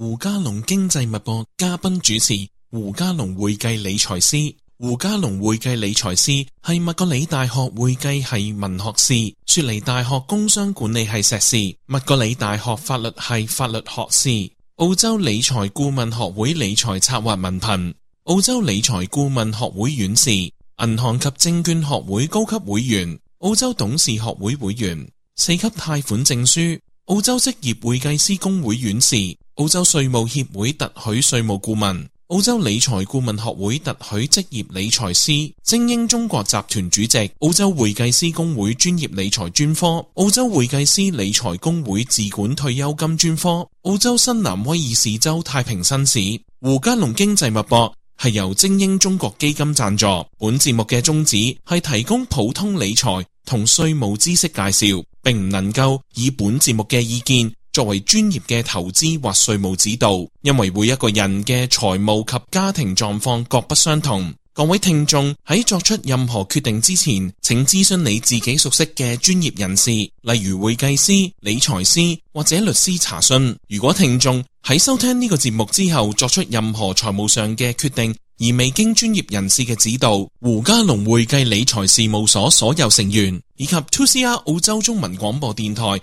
胡嘉龍經濟脈搏嘉賓主持。胡嘉龍會計理財師。胡嘉龍會計理財師係麥格里大學會計系文學士，雪梨大學工商管理系碩士，麥格里大學法律系法律學士，澳洲理財顧問學會理財策劃文憑，澳洲理財顧問學會院士，銀行及證券學會高級會員，澳洲董事學會會員，四級貸款證書，澳洲職業會計師工會院士。澳洲稅務協會特許稅務顧問、澳洲理財顧問學會特許職業理財師、精英中國集團主席、澳洲會計師工會專業理財專科、澳洲會計師理財工會自管退休金專科、澳洲新南威爾士州太平紳士。胡嘉龍經濟脈搏係由精英中國基金贊助。本節目嘅宗旨係提供普通理財同稅務知識介紹，並唔能夠以本節目嘅意見作為專業嘅投資或稅務指導，因為每一個人嘅財務及家庭狀況各不相同。各位聽眾喺作出任何決定之前，請諮詢你自己熟悉嘅專業人士，例如會計師、理財師或者律師查詢。如果聽眾喺收聽呢個節目之後作出任何財務上嘅決定，而未經專業人士嘅指導，胡嘉龍會計理財事務所所有成員以及 2CR 澳洲中文廣播電台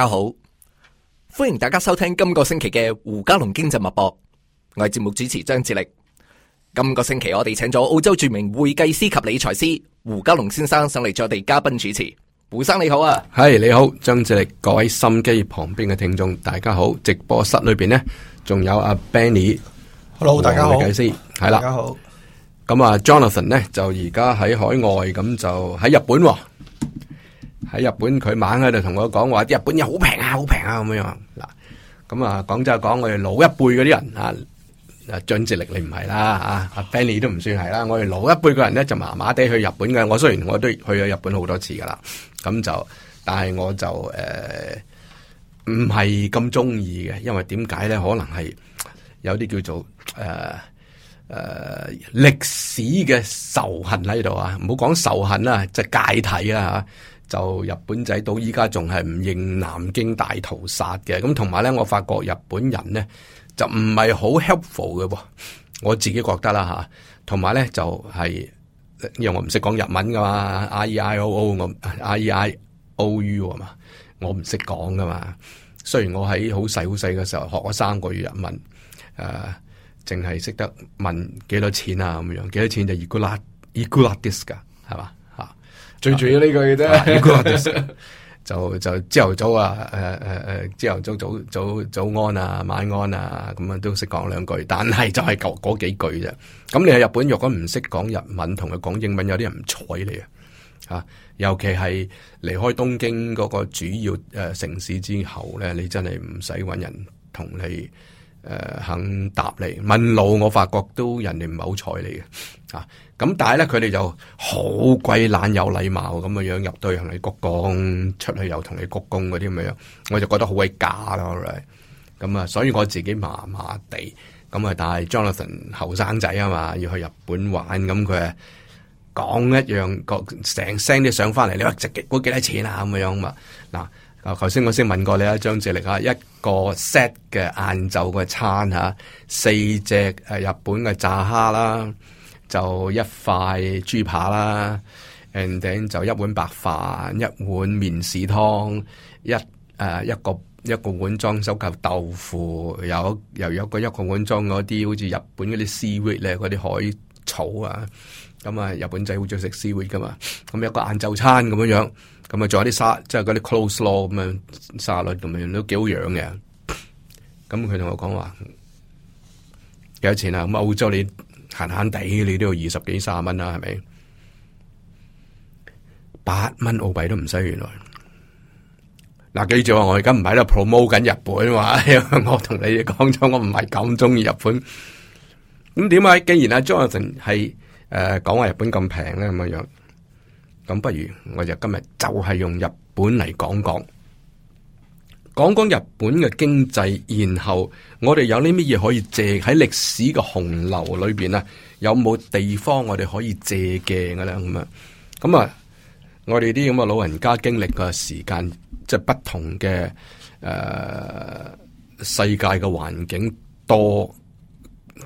大家好，歡迎大家收聽今個星期嘅胡嘉龍經濟脈搏，我係節目主持張志力。今個星期我哋請咗澳洲著名會計師及理財師胡嘉龍先生上嚟做地嘉賓主持。胡生你好啊，係、hey, 你好，張志力各位心機旁邊嘅聽眾大家好，直播室裏邊呢仲有阿、啊、Benny，Hello 大家好，理財師係啦，大家好。咁啊，Jonathan 呢就而家喺海外，咁就喺日本、哦。喺日本佢猛喺度同我講話，啲日本嘢好平啊，好平啊咁樣。嗱，咁啊，講就係講我哋老一輩嗰啲人啊，啊張哲力你唔係啦，啊阿 Fanny 都唔算係啦，我哋老一輩嘅人咧就麻麻地去日本嘅。我雖然我都去咗日本好多次噶啦，咁就，但係我就誒唔係咁中意嘅，因為點解咧？可能係有啲叫做誒誒歷史嘅仇恨喺度、就是、啊！唔好講仇恨啦，即係解體啊！就日本仔到依家仲係唔認南京大屠殺嘅，咁同埋咧，我發覺日本人咧就唔係好 helpful 嘅噃、哦，我自己覺得啦嚇，同埋咧就係、是、因為我唔識講日文噶嘛，I E I O O 咁，I E I O U 嘛，我唔識講噶嘛。雖然我喺好細好細嘅時候學咗三個月日文，誒、呃，淨係識得問幾多錢啊咁樣，幾多錢就いくらいくらですか係嘛？最主要呢句啫，就，就就朝頭早啊、 嗯，誒誒誒，朝頭早早早早安啊，晚安啊，咁啊都識講兩句，但係就係舊嗰幾句啫。咁、嗯、你喺日本，若果唔識講日文，同佢講英文有，有啲人唔睬你啊。嚇，尤其係離開東京嗰個主要誒城市之後咧，你真係唔使揾人同你誒、嗯、肯答你問路，我發覺都人哋唔好睬你嘅嚇。嗯啊咁但係咧，佢哋就好鬼懶，有禮貌咁嘅樣入到，同你鞠躬，出去又同你鞠躬嗰啲咁嘅樣，我就覺得好鬼假咯，咁、right? 啊，所以我自己麻麻地，咁啊，但係 Jonathan 後生仔啊嘛，要去日本玩，咁佢啊講一樣個成聲都上翻嚟，你話值幾多錢啊咁嘅樣嘛？嗱、啊，頭先我先問過你啊，張智力啊，一個 set 嘅晏晝嘅餐嚇，四隻誒日本嘅炸蝦啦。就一塊豬扒啦，and then 就一碗白飯，一碗麵豉湯，一誒、呃、一個一個碗裝手嚿豆腐，有又有個一個碗裝嗰啲好似日本嗰啲絲韻咧，嗰啲海草啊，咁啊日本仔好中意食絲韻噶嘛，咁有個晏晝餐咁樣樣，咁啊仲有啲沙即係嗰啲 coleslaw 咁樣沙律咁樣都幾好養嘅，咁佢同我講話幾多錢啊？咁澳洲你？閒閒地你都要二十幾三十蚊啦，係咪？八蚊澳幣都唔使。原來嗱、啊，記住話我而家唔喺度 promote 緊日本嘛，我同你哋講咗，我唔係咁中意日本。咁點解？既然阿張亞成係誒講話日本咁平咧咁樣，咁不如我就今日就係用日本嚟講講。講講日本嘅經濟，然後我哋有啲乜嘢可以借喺歷史嘅洪流裏邊啊？有冇地方我哋可以借鏡嘅咧？咁樣，咁啊，我哋啲咁嘅老人家經歷嘅時間，即係不同嘅誒、呃、世界嘅環境多，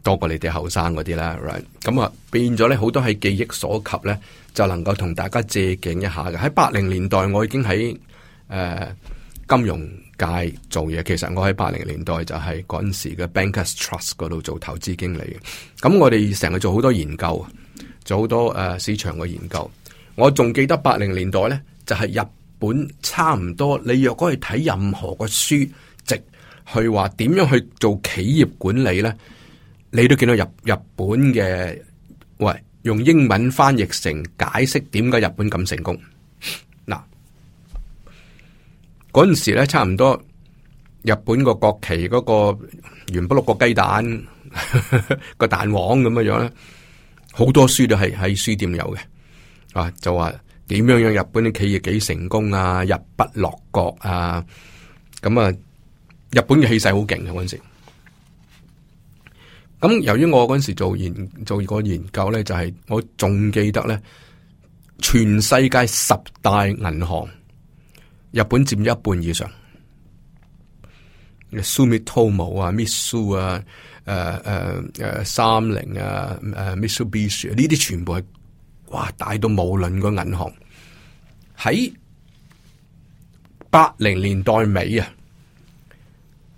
多過你哋後生嗰啲啦。咁、right? 啊，變咗咧，好多係記憶所及咧，就能夠同大家借鏡一下嘅。喺八零年代，我已經喺誒、呃、金融。界做嘢，其實我喺八零年代就係嗰陣時嘅 Bankers Trust 嗰度做投資經理嘅。咁我哋成日做好多研究，做好多誒、呃、市場嘅研究。我仲記得八零年代咧，就係、是、日本差唔多。你若果去睇任何嘅書籍，去話點樣去做企業管理咧，你都見到日日本嘅，喂，用英文翻譯成解釋點解日本咁成功。嗰陣時咧，差唔多日本個國旗嗰個原本六個雞蛋個 蛋黃咁嘅樣咧，好多書都係喺書店有嘅，啊就話點樣樣日本啲企業幾成功啊，日不落國啊，咁啊，日本嘅氣勢好勁啊。嗰陣時。咁由於我嗰陣時做研做嗰研究咧，就係我仲記得咧，全世界十大銀行。日本占一半以上，Sumitomo 啊、Mitsui 啊、誒誒誒、三菱啊、誒 Mitsubishi，呢啲全部係哇大到冇輪個銀行。喺八零年代尾啊，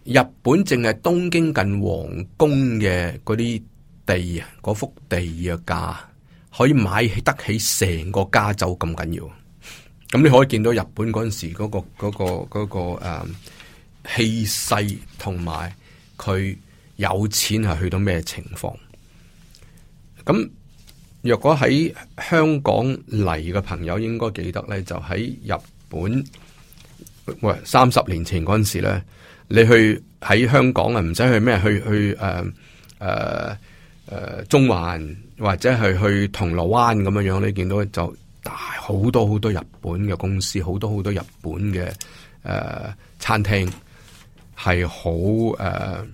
日本淨係東京近皇宮嘅嗰啲地啊，嗰幅地嘅價可以買得起成個加州咁緊要。咁你可以見到日本嗰陣時嗰個嗰個嗰個誒氣勢，同埋佢有錢係去到咩情況？咁若果喺香港嚟嘅朋友應該記得咧，就喺日本喂三十年前嗰陣時咧，你去喺香港啊，唔使去咩，去去誒誒誒中環或者係去去銅鑼灣咁樣樣，你見到就，好多好多日本嘅公司，好多好多日本嘅誒、呃、餐廳係好誒，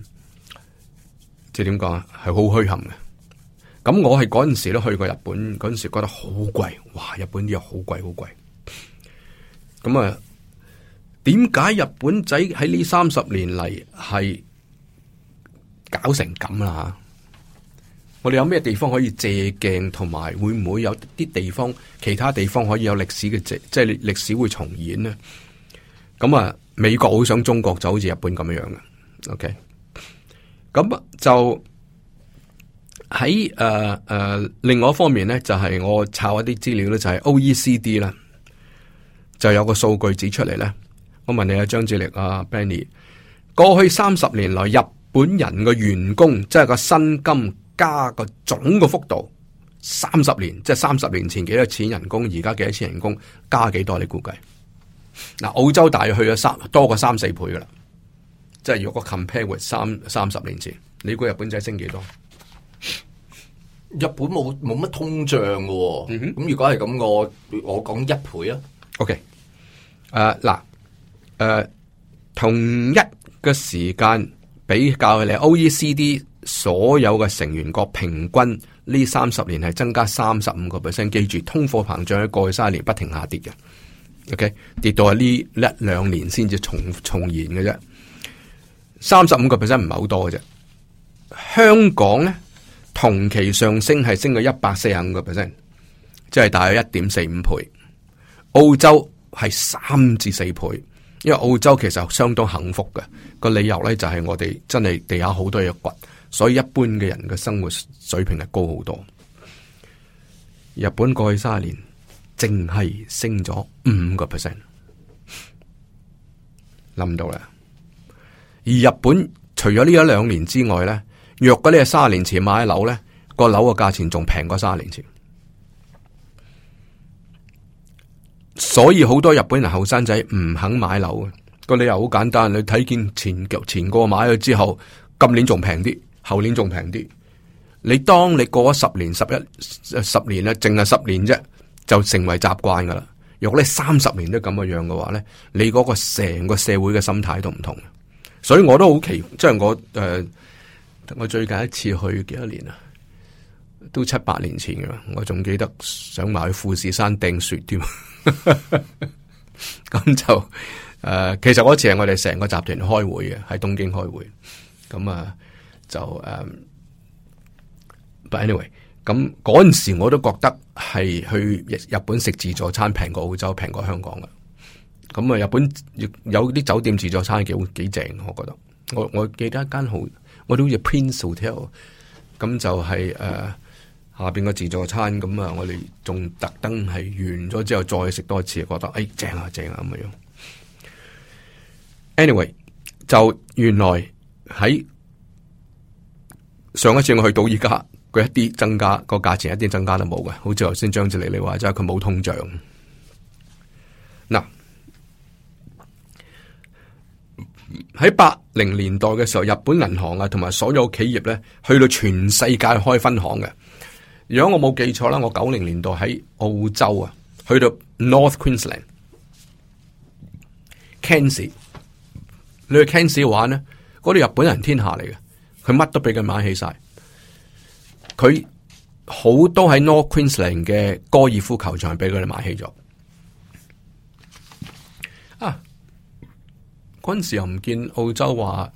即係點講啊？係好虛撼嘅。咁、嗯、我係嗰陣時都去過日本，嗰陣時覺得好貴，哇！日本啲嘢好貴好貴。咁、嗯、啊，點解日本仔喺呢三十年嚟係搞成咁啊？我哋有咩地方可以借鏡，同埋會唔會有啲地方，其他地方可以有歷史嘅即係歷史會重演呢？咁啊，美國好想中國就好似日本咁樣樣嘅。OK，咁就喺誒誒，另外一方面呢，就係、是、我抄一啲資料咧，就係、是、O E C D 啦，就有個數據指出嚟咧。我問你張啊，張志力啊，Benny，過去三十年來，日本人嘅員工即係個薪金。加個總個幅度，三十年即係三十年前幾多錢人工，而家幾多錢人工加幾多？你估計？嗱、啊，澳洲大約去咗三多過三四倍噶啦，即係如果 compare with 三三十年前，你估日本仔升幾多？日本冇冇乜通脹噶、哦？咁、mm hmm. 如果係咁，我我講一倍啊。OK，誒、uh, 嗱，誒、uh, 同一嘅時間比較嚟，OECD。所有嘅成員國平均呢三十年係增加三十五個 percent，記住通貨膨脹喺過去三十年不停下跌嘅，ok 跌到喺呢一兩年先至重重現嘅啫。三十五個 percent 唔係好多嘅啫。香港咧同期上升係升咗一百四十五個 percent，即係大約一點四五倍。澳洲係三至四倍，因為澳洲其實相當幸福嘅個理由咧就係我哋真係地下好多嘢掘。所以一般嘅人嘅生活水平係高好多。日本過去三十年淨係升咗五個 percent，諗唔到啦。而日本除咗呢一兩年之外咧，若果你係三十年前買樓咧，個樓嘅價錢仲平過三十年前。所以好多日本人後生仔唔肯買樓嘅個理由好簡單，你睇見前前個買咗之後，今年仲平啲。後年仲平啲，你當你過咗十年、十一、十年咧，淨係十年啫，就成為習慣噶啦。如果你三十年都咁嘅樣嘅話咧，你嗰個成個社會嘅心態都唔同。所以我都好奇，即係我誒、呃，我最近一次去幾多年啊？都七八年前噶，我仲記得想埋去富士山掟雪添。咁 就誒、呃，其實嗰次係我哋成個集團開會嘅，喺東京開會。咁啊。就誒、um，but anyway，咁嗰陣時我都覺得係去日本食自助餐平過澳洲，平過香港嘅。咁、嗯、啊，日本有啲酒店自助餐幾幾正，我覺得。我我記得一間好，我好似 Prince Hotel，咁、嗯、就係、是、誒、uh, 下邊個自助餐。咁啊，我哋仲特登係完咗之後再食多一次，覺得誒、哎、正啊正啊咁樣。Anyway，就原來喺。上一次我去到而家，佢一啲增加，個價錢一啲增加都冇嘅，好似頭先張志禮你話，即係佢冇通脹。嗱，喺八零年代嘅時候，日本銀行啊，同埋所有企業咧，去到全世界開分行嘅。如果我冇記錯啦，我九零年代喺澳洲啊，去到 North Queensland Cairns 你去 Cairns 玩咧，嗰度日本人天下嚟嘅。佢乜都俾佢買起晒，佢好多喺 North Queensland 嘅高爾夫球場俾佢哋買起咗啊！嗰陣時又唔見澳洲話，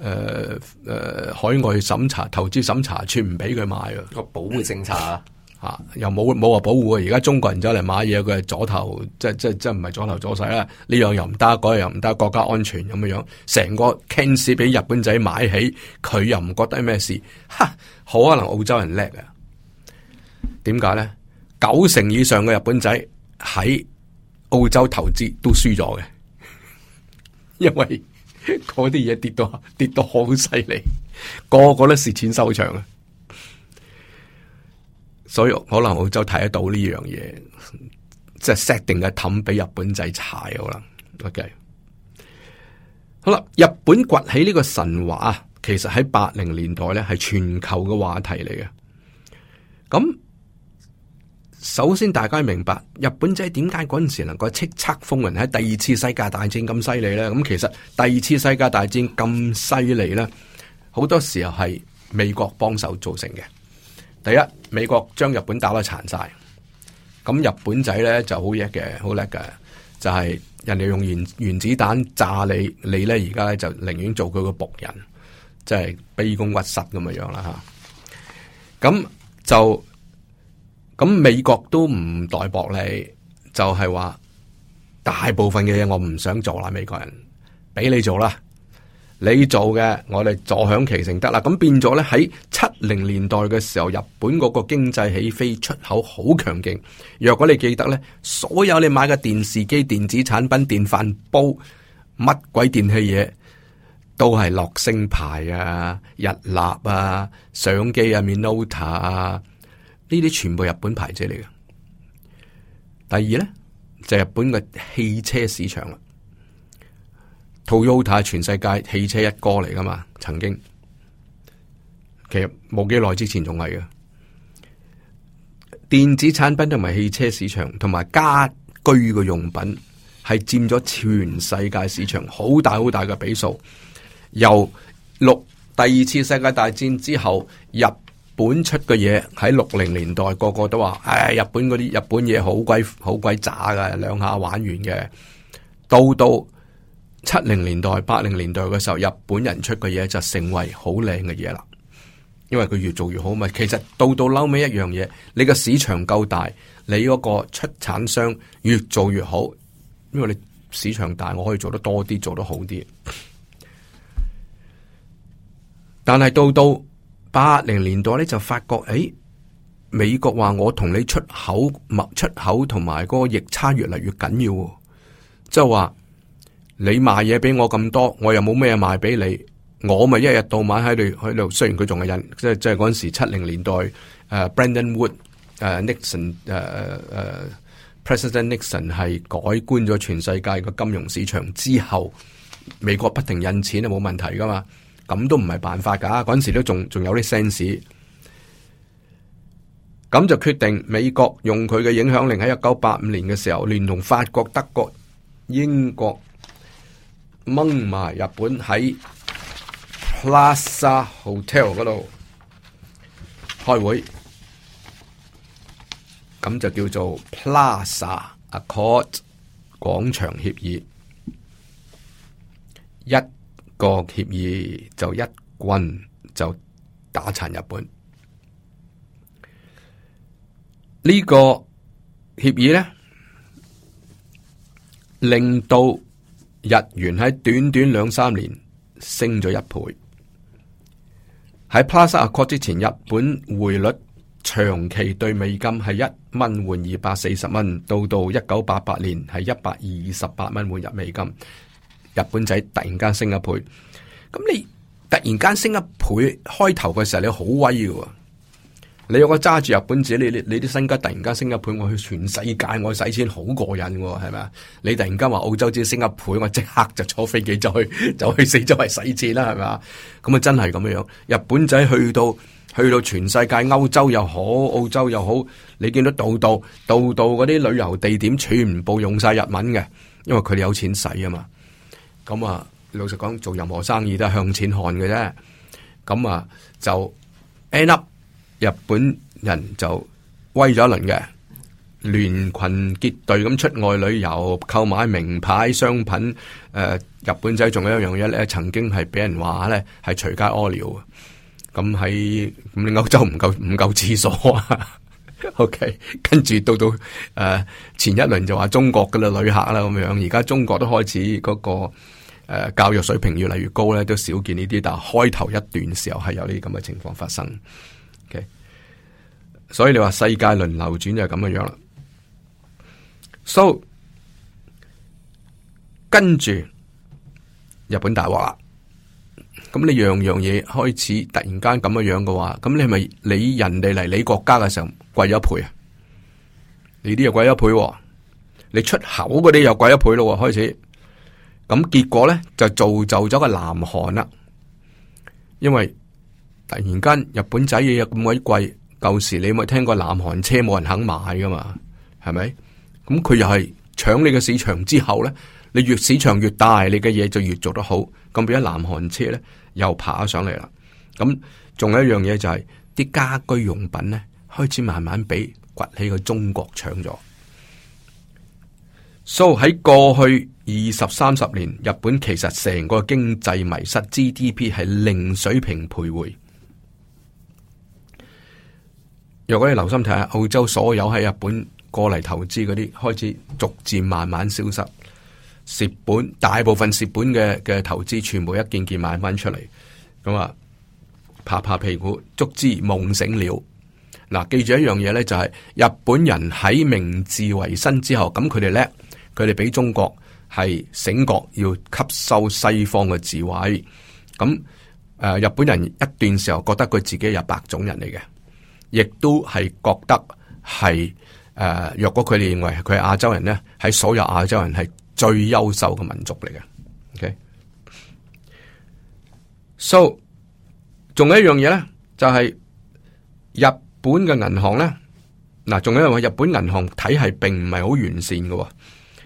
誒、呃、誒、呃，海外審查、投資審查全，全唔俾佢買啊，個保護政策啊！ 啊、又冇冇話保護，而家中國人走嚟買嘢，佢係左頭，即係即係即係唔係左頭左勢啦？呢樣又唔得，嗰樣又唔得，國家安全咁嘅樣，成個 Cairns 俾日本仔買起，佢又唔覺得咩事？吓，可能澳洲人叻啊？點解咧？九成以上嘅日本仔喺澳洲投資都輸咗嘅，因為嗰啲嘢跌到跌到好犀利，個個都蝕錢收場啊！所以可能澳洲睇得到呢樣嘢，即係 set 定嘅氹俾日本仔踩，可能。OK，好啦，日本崛起呢個神話啊，其實喺八零年代咧係全球嘅話題嚟嘅。咁首先大家明白日本仔點解嗰陣時能夠叱咤風雲喺第二次世界大戰咁犀利咧？咁其實第二次世界大戰咁犀利咧，好多時候係美國幫手造成嘅。第一，美國將日本打到殘晒。咁日本仔咧就好叻嘅，好叻嘅，就係人哋用原原子彈炸你，你咧而家咧就寧願做佢個僕人，即係卑躬屈膝咁嘅樣啦嚇。咁就咁美國都唔代薄你，就係話大部分嘅嘢我唔想做啦，美國人俾你做啦。你做嘅，我哋坐享其成得啦。咁變咗咧，喺七零年代嘅時候，日本嗰個經濟起飛，出口好強勁。若果你記得咧，所有你買嘅電視機、電子產品、電飯煲、乜鬼電器嘢，都係樂聲牌啊、日立啊、相機啊、Minolta 啊，呢啲全部日本牌子嚟嘅。第二咧就係日本嘅汽車市場啊。Toyota 全世界汽車一哥嚟噶嘛？曾經，其實冇幾耐之前仲係嘅。電子產品同埋汽車市場同埋家居嘅用品係佔咗全世界市場好大好大嘅比數。由六，第二次世界大戰之後，日本出嘅嘢喺六零年代個個都話：唉，日本嗰啲日本嘢好鬼好鬼渣噶，兩下玩完嘅。到到。七零年代、八零年代嘅時候，日本人出嘅嘢，就成為好靚嘅嘢啦，因為佢越做越好嘛。其實到到嬲尾一樣嘢，你個市場夠大，你嗰個出產商越做越好，因為你市場大，我可以做得多啲，做得好啲。但係到到八零年代呢，就發覺誒、哎，美國話我同你出口出口，同埋嗰個逆差越嚟越緊要，即係話。你賣嘢畀我咁多，我又冇咩賣俾你，我咪一日到晚喺度喺度。雖然佢仲係印，即係即係嗰陣時七零年代，誒 Brendan Wood，誒、uh,，Nixon，誒、uh, 誒、uh,，President Nixon 係改觀咗全世界個金融市場之後，美國不停印錢係冇問題噶嘛？咁都唔係辦法噶，嗰陣時都仲仲有啲 sense。咁就決定美國用佢嘅影響力喺一九八五年嘅時候，聯同法國、德國、英國。蒙埋日本喺 Plaza Hotel 嗰度開會，咁就叫做 Plaza Accord 廣場協議，一個協議就一棍就打殘日本。這個、協呢個協議咧，令到，日元喺短短兩三年升咗一倍。喺 Plaza Accord 之前，日本匯率長期對美金係一蚊換二百四十蚊，到到一九八八年係一百二十八蚊換一美金。日本仔突然間升一倍，咁你突然間升一倍，開頭嘅時候你好威嘅。啊你如果揸住日本仔，你你你啲身家突然間升一倍，我去全世界，我使錢好過癮，係咪啊？你突然間話澳洲仔升一倍，我即刻就坐飛機 就去，去就去四周圍使錢啦，係咪啊？咁啊真係咁樣樣，日本仔去到去到全世界，歐洲又好，澳洲又好，你見到度度度度嗰啲旅遊地點全部用晒日文嘅，因為佢哋有錢使啊嘛。咁啊老實講，做任何生意都係向錢看嘅啫。咁啊就 end up。日本人就威咗一輪嘅，聯群結隊咁出外旅遊，購買名牌商品。誒、呃，日本仔仲有一樣嘢咧，曾經係俾人話咧係隨街屙尿，咁喺咁歐洲唔夠唔夠廁所。 OK，跟住到到誒、呃、前一輪就話中國噶啦旅客啦咁樣，而家中國都開始嗰、那個誒、呃、教育水平越嚟越高咧，都少見呢啲。但係開頭一段時候係有呢啲咁嘅情況發生。所以你話世界輪流轉就係咁嘅樣啦。so 跟住日本大鑊啦，咁你樣樣嘢開始突然間咁嘅樣嘅話，咁你係咪你人哋嚟你國家嘅時候貴咗一倍啊？你啲又貴一倍，你,倍、喎、你出口嗰啲又貴一倍咯，開始咁結果咧就造就咗個南韓啦，因為突然間日本仔嘢又咁鬼貴。舊時你咪聽過南韓車冇人肯買噶嘛，係咪？咁佢又係搶你個市場之後咧，你越市場越大，你嘅嘢，就越做得好。咁變咗南韓車咧又爬咗上嚟啦。咁仲有一樣嘢就係、是、啲家居用品咧，開始慢慢俾崛起嘅中國搶咗。So，喺過去二十三十年，日本其實成個經濟迷失，GDP 係零水平徘徊。若果你留心睇下，澳洲所有喺日本過嚟投資嗰啲，開始逐漸慢慢消失，蝕本，大部分蝕本嘅嘅投資，全部一件件賣翻出嚟，咁啊，拍拍屁股，足之夢醒了。嗱、啊，記住一樣嘢咧，就係、是、日本人喺明治維新之後，咁佢哋叻，佢哋比中國係醒覺，要吸收西方嘅智慧。咁誒、呃，日本人一段時候覺得佢自己係白種人嚟嘅。亦都係覺得係誒、呃，若果佢哋認為佢係亞洲人咧，喺所有亞洲人係最優秀嘅民族嚟嘅。OK，so、okay? 仲有一樣嘢咧，就係、是、日本嘅銀行咧。嗱，仲有一樣話，日本銀行體系並唔係好完善嘅、哦。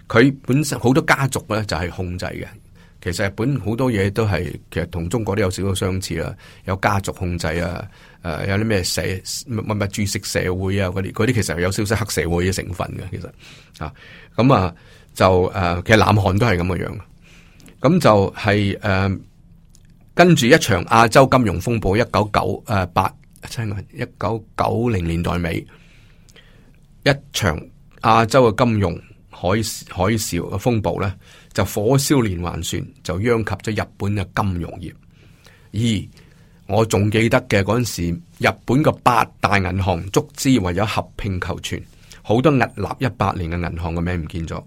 佢本身好多家族咧就係、是、控制嘅。其實日本好多嘢都係其實同中國都有少少相似啦，有家族控制啊。誒，有啲咩社乜乜乜注釋社會啊？嗰啲嗰啲其實有少少黑社會嘅成分嘅，其實啊，咁、嗯、啊就誒、啊，其實南韓都係咁嘅樣,樣，咁、嗯、就係誒、啊、跟住一場亞洲金融風暴 98,，一九九誒八一九九零年代尾，一場亞洲嘅金融海海嘯嘅風暴咧，就火燒連環船，就殃及咗日本嘅金融業。二我仲記得嘅嗰陣時，日本嘅八大銀行足資，為咗合併求存，好多屹立一百年嘅銀行嘅名唔見咗。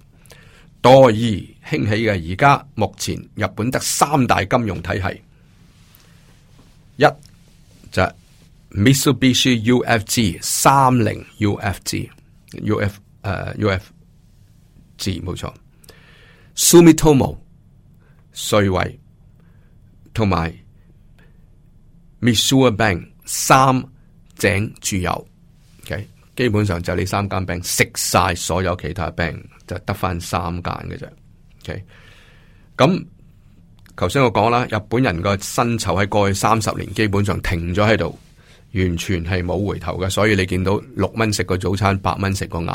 多而興起嘅而家，目前日本得三大金融體系，一就是、Mitsubishi U F G 三零 U F G U F 誒、uh, U F G 冇錯，Sumitomo 瑞穗同埋。Missoura 餅三井住友，O、okay? K，基本上就你三間餅食晒所有其他餅，就得翻三間嘅啫。O K，咁頭先我講啦，日本人個薪酬喺過去三十年基本上停咗喺度，完全係冇回頭嘅，所以你見到六蚊食個早餐，八蚊食個晏，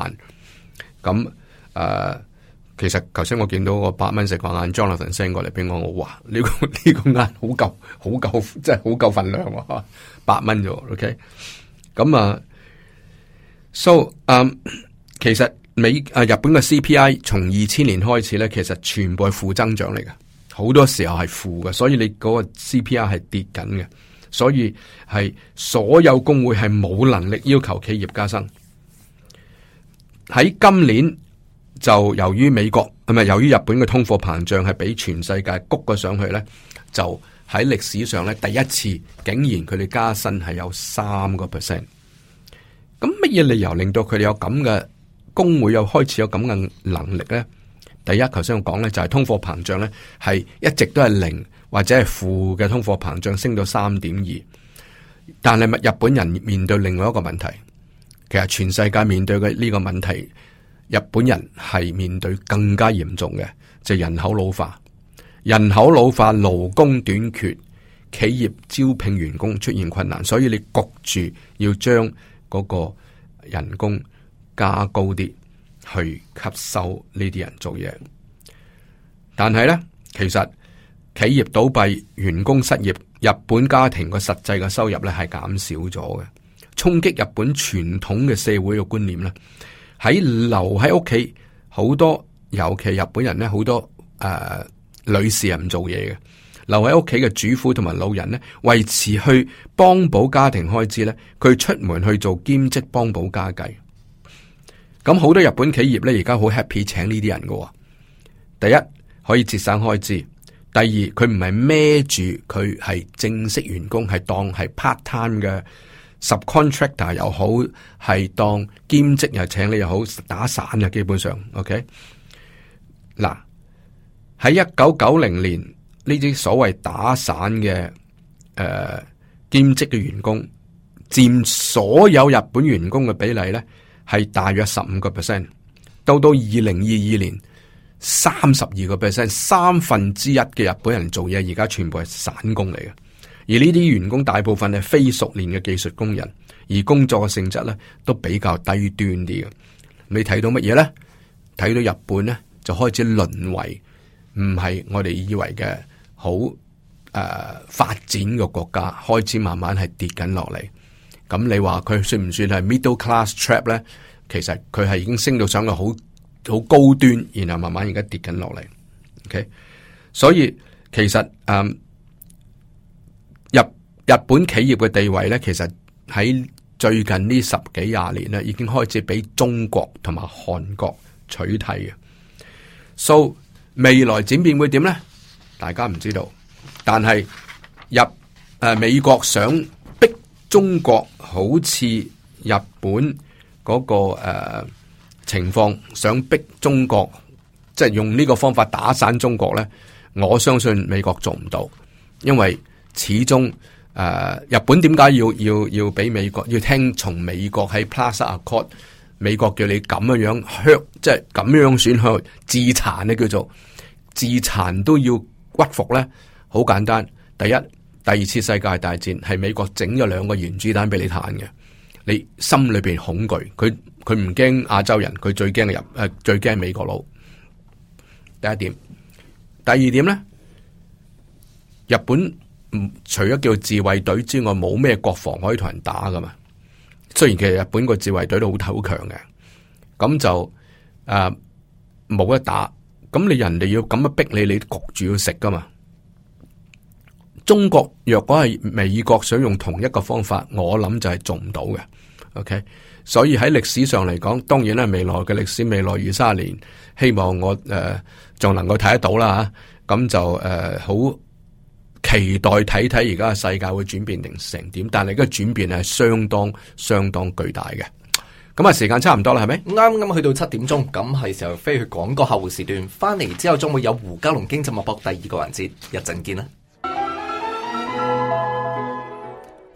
咁誒。呃其實頭先我見到個八蚊食塊眼 Jonathan send 過嚟俾我，我哇呢個呢個眼好夠好夠，真係好夠份量喎，八蚊啫，OK。咁啊，so 啊，okay? uh, so, um, 其實美啊日本嘅 CPI 從二千年開始咧，其實全部係負增長嚟嘅，好多時候係負嘅，所以你嗰個 CPI 係跌緊嘅，所以係所有工會係冇能力要求企業加薪，喺今年。就由於美國係咪由於日本嘅通貨膨脹係俾全世界谷咗上去咧，就喺歷史上咧第一次，竟然佢哋加薪係有三個 percent。咁乜嘢理由令到佢哋有咁嘅工會又開始有咁嘅能力咧？第一，頭先我講咧就係通貨膨脹咧係一直都係零或者係負嘅通貨膨脹，升到三點二。但係日本人面對另外一個問題，其實全世界面對嘅呢個問題。日本人係面對更加嚴重嘅，就係、人口老化，人口老化勞工短缺，企業招聘員工出現困難，所以你焗住要將嗰個人工加高啲，去吸收呢啲人做嘢。但係呢，其實企業倒閉、員工失業，日本家庭嘅實際嘅收入呢係減少咗嘅，衝擊日本傳統嘅社會嘅觀念呢。喺留喺屋企好多，尤其日本人咧好多誒、呃、女士唔做嘢嘅，留喺屋企嘅主婦同埋老人咧，維持去幫補家庭開支咧，佢出門去做兼職幫補家計。咁好多日本企業咧而家好 happy 請呢啲人㗎，第一可以節省開支，第二佢唔係孭住佢係正式員工，係當係 part time 嘅。subcontractor 又好，係當兼職又請你又好，打散嘅基本上，OK。嗱，喺一九九零年呢啲所謂打散嘅，誒、呃、兼職嘅員工佔所有日本員工嘅比例咧，係大約十五個 percent。到到二零二二年，三十二個 percent，三分之一嘅日本人做嘢而家全部係散工嚟嘅。而呢啲員工大部分係非熟練嘅技術工人，而工作嘅性質咧都比較低端啲嘅。你睇到乜嘢咧？睇到日本咧就開始淪為唔係我哋以為嘅好誒發展嘅國家，開始慢慢係跌緊落嚟。咁你話佢算唔算係 middle class trap 咧？其實佢係已經升到上去好好高端，然後慢慢而家跌緊落嚟。OK，所以其實誒。嗯日日本企業嘅地位呢，其實喺最近呢十幾廿年呢，已經開始俾中國同埋韓國取代嘅。所以未來轉變會點呢？大家唔知道。但係入誒、啊、美國想逼中國，好似日本嗰、那個誒、呃、情況，想逼中國，即係用呢個方法打散中國呢。我相信美國做唔到，因為。始終誒、呃，日本點解要要要俾美國要聽從美國喺 Plaza Accord 美國叫你咁樣樣削，即係咁樣損削自殘咧，叫做自殘都要屈服咧？好簡單，第一第二次世界大戰係美國整咗兩個原子彈俾你彈嘅，你心裏邊恐懼，佢佢唔驚亞洲人，佢最驚嘅人誒，最驚美國佬。第一點，第二點咧，日本。除咗叫自衛隊之外，冇咩國防可以同人打噶嘛？雖然其實日本個自衛隊都好 tough 好強嘅，咁就誒冇、呃、得打。咁你人哋要咁樣逼你，你焗住要食噶嘛？中國若果係美國想用同一個方法，我諗就係做唔到嘅。OK，所以喺歷史上嚟講，當然咧未來嘅歷史，未來二三十年，希望我誒仲、呃、能夠睇得到啦。咁、啊、就誒好。呃期待睇睇而家嘅世界會轉變成點，但係呢個轉變係相當相當巨大嘅。咁啊，時間差唔多啦，係咪啱啱去到七點鐘？咁係時候飛去廣個客戶時段，翻嚟之後仲會有胡嘉龍經濟脈搏第二個環節，一陣見啦！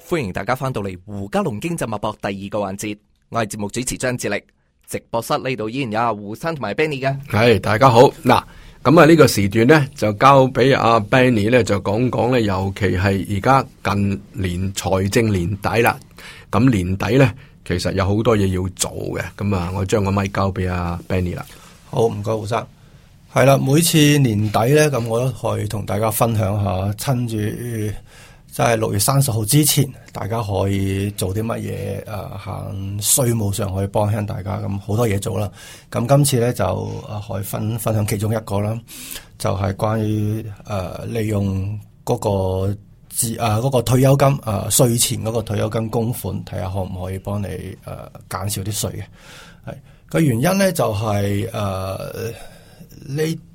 歡迎大家翻到嚟胡嘉龍經濟脈搏第二個環節，我係節目主持張智力，直播室呢度依然有阿胡生同埋 Benny 嘅，係大家好嗱。咁啊，呢個時段咧，就交俾阿 Benny 咧，就講講咧，尤其係而家近年財政年底啦，咁年底咧其實有好多嘢要做嘅，咁啊，我將個麥交俾阿 Benny 啦。好，唔該胡生，係啦，每次年底咧，咁我都可以同大家分享下，趁住。呃都係六月三十號之前，大家可以做啲乜嘢？誒、呃，行稅務上可以幫輕大家咁好多嘢做啦。咁今次咧就啊，可以分分享其中一個啦，就係、是、關於誒、呃、利用嗰、那個資啊、那個、退休金啊，稅、呃、前嗰個退休金供款，睇下可唔可以幫你誒、呃、減少啲稅嘅。係個原因咧，就係誒利。呃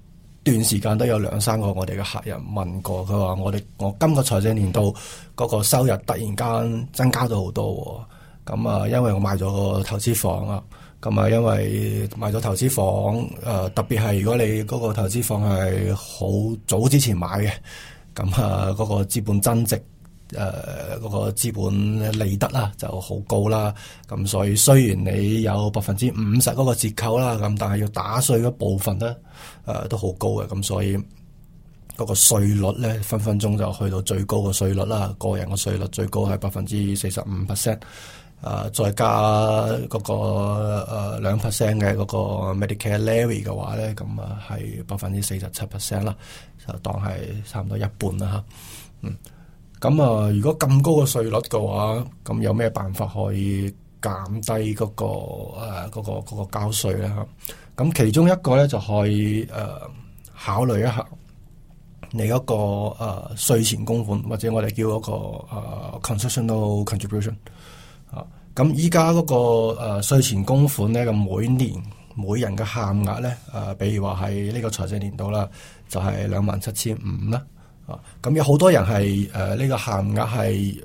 段時間都有兩三個我哋嘅客人問過，佢話我哋我今個財政年度嗰個收入突然間增加咗好多，咁、哦、啊因為我買咗個投資房啊，咁啊因為買咗投資房，誒、啊、特別係如果你嗰個投資房係好早之前買嘅，咁啊嗰個資本增值。誒，嗰、呃那個資本利得啦就好高啦，咁所以雖然你有百分之五十嗰個折扣啦，咁但係要打稅嗰部分咧，誒、呃、都好高嘅，咁所以嗰個稅率咧分分鐘就去到最高嘅稅率啦，個人嘅稅率最高係百分之四十五 percent，誒再加嗰個誒兩 percent 嘅嗰個 Medicare levy 嘅話咧，咁啊係百分之四十七 percent 啦，就當係差唔多一半啦吓，嗯。咁啊，如果咁高嘅稅率嘅話，咁有咩辦法可以減低嗰、嗰個誒嗰、呃嗰個嗰個、交稅咧？嚇，咁其中一個咧就可以誒、呃、考慮一下你嗰個誒稅、呃、前供款，或者我哋叫嗰個、呃、concessional contribution 啊。咁依家嗰個誒稅、呃、前供款咧，咁每年每人嘅限額咧，誒、呃，比如話喺呢個財政年度啦，就係兩萬七千五啦。咁、嗯、有好多人係誒呢個限額係誒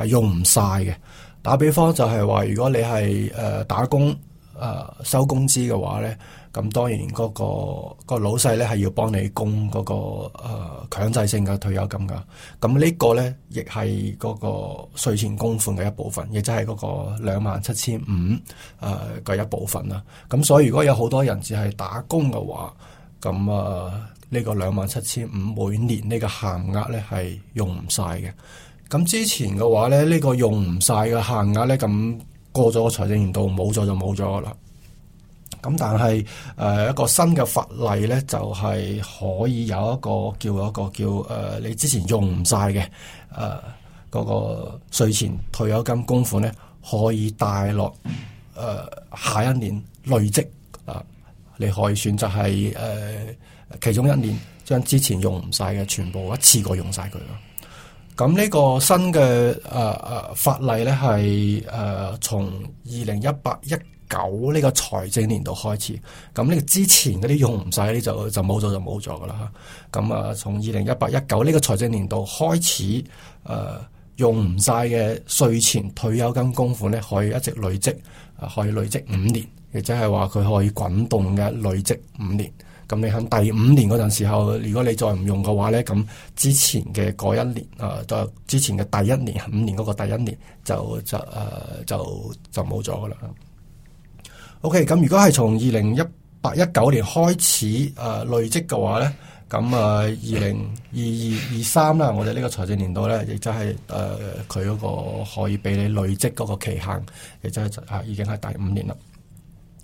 係用唔晒嘅。打比方就係話，如果你係誒、呃、打工誒、呃、收工資嘅話咧，咁、嗯、當然嗰、嗰個、嗰個老細咧係要幫你供嗰、嗰個誒、呃、強制性嘅退休金㗎。咁、嗯呢個、呢個咧亦係嗰個稅前供款嘅一部分，亦即係嗰個兩萬七千五誒嘅一部分啦。咁、嗯、所以如果有好多人只係打工嘅話，咁、嗯、啊。呃呢個兩萬七千五每年呢個限額咧係用唔晒嘅，咁之前嘅話咧呢、呢個用唔晒嘅限額咧，咁過咗個財政年度冇咗就冇咗啦。咁但係誒、呃、一個新嘅法例咧，就係、是、可以有一個叫一個叫誒、呃、你之前用唔晒嘅誒嗰個稅前退休金供款咧，可以帶落誒、呃、下一年累積。你可以選擇係誒其中一年將之前用唔晒嘅全部一次過用晒佢咯。咁呢個新嘅誒誒法例咧係誒從二零一八一九呢個財政年度開始。咁呢個之前嗰啲用唔晒咧，就就冇咗就冇咗噶啦。咁啊，從二零一八一九呢個財政年度開始，誒、呃、用唔晒嘅稅前退休金公款咧，可以一直累積，可以累積五年。亦即係話佢可以滾動嘅累積五年，咁你喺第五年嗰陣時候，如果你再唔用嘅話咧，咁之前嘅嗰一年啊，即、呃、之前嘅第一年，五年嗰個第一年就就誒、呃、就就冇咗噶啦。OK，咁如果係從二零一八一九年開始誒累積嘅話咧，咁啊二零二二二三啦，我哋呢個財政年度咧，亦即係誒佢嗰個可以俾你累積嗰個期限，亦即係啊已經係第五年啦。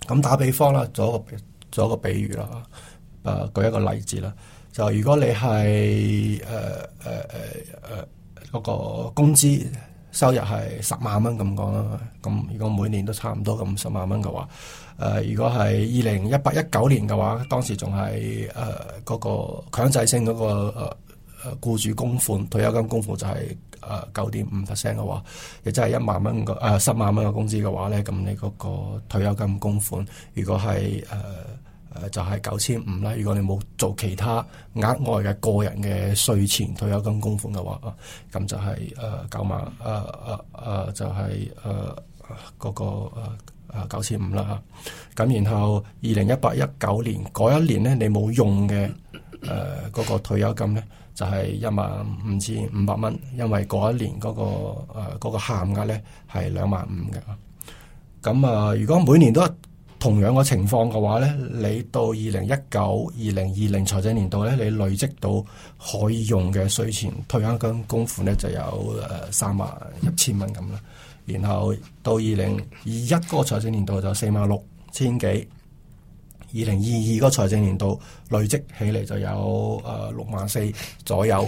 咁打比方啦，做一個做一個比喻啦，誒、呃、舉一個例子啦，就如果你係誒誒誒誒嗰個工資收入係十萬蚊咁講啦，咁如果每年都差唔多咁十萬蚊嘅話，誒、呃、如果係二零一八一九年嘅話，當時仲係誒嗰個強制性嗰個誒僱主供款退休金供款就係、係。誒九點五 percent 嘅話，亦即係一萬蚊個誒十萬蚊嘅工資嘅話咧，咁你嗰個退休金供款，如果係誒誒就係九千五啦。如果你冇做其他額外嘅個人嘅稅前退休金供款嘅話啊，咁就係誒九萬誒誒誒就係誒嗰個誒九千五啦嚇。咁然後二零一八一九年嗰一年咧，你冇用嘅誒嗰個退休金咧？就係一萬五千五百蚊，因為嗰一年嗰、嗰個誒、呃嗰個、限額咧係兩萬五嘅。咁啊、呃，如果每年都係同樣個情況嘅話咧，你到二零一九、二零二零財政年度咧，你累積到可以用嘅稅前退休金供款咧就有誒三萬一千蚊咁啦。然後到二零二一嗰個財政年度就四萬六千幾。二零二二個財政年度累積起嚟就有誒六萬四左右，